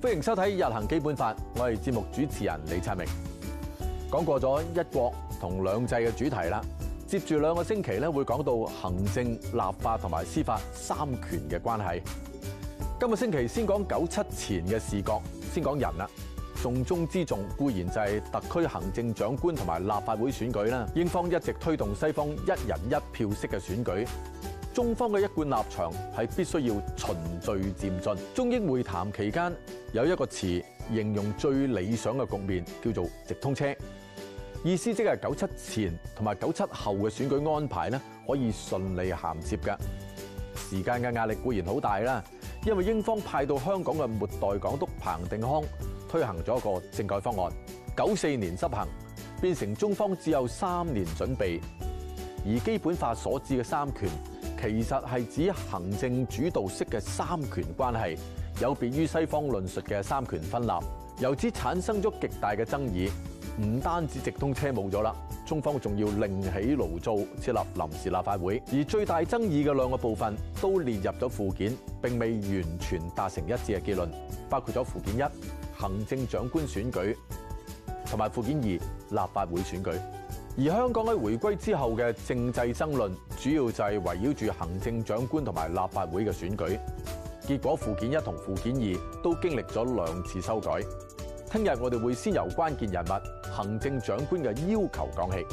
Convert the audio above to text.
歡迎收睇《日行基本法》，我係節目主持人李察明。講過咗一國同兩制嘅主題啦，接住兩個星期咧會講到行政、立法同埋司法三權嘅關係。今個星期先講九七前嘅視角，先講人啦。重中之重固然就係特區行政長官同埋立法會選舉啦。英方一直推動西方一人一票式嘅選舉。中方嘅一貫立場係必須要循序漸進。中英會談期間有一個詞形容最理想嘅局面，叫做直通車，意思即係九七前同埋九七後嘅選舉安排呢可以順利銜接嘅。時間嘅壓力固然好大啦，因為英方派到香港嘅末代港督彭定康推行咗一個政改方案，九四年執行變成中方只有三年準備，而基本法所指嘅三權。其實係指行政主導式嘅三權關係，有別於西方論述嘅三權分立，由此產生咗極大嘅爭議。唔單止直通車冇咗啦，中方仲要另起爐灶設立臨時立法會。而最大爭議嘅兩個部分都列入咗附件，並未完全達成一致嘅結論，包括咗附件一行政長官選舉同埋附件二立法會選舉。而香港喺回歸之後嘅政制爭論。主要就係圍繞住行政長官同埋立法會嘅選舉，結果附件一同附件二都經歷咗兩次修改。聽日我哋會先由關鍵人物行政長官嘅要求講起。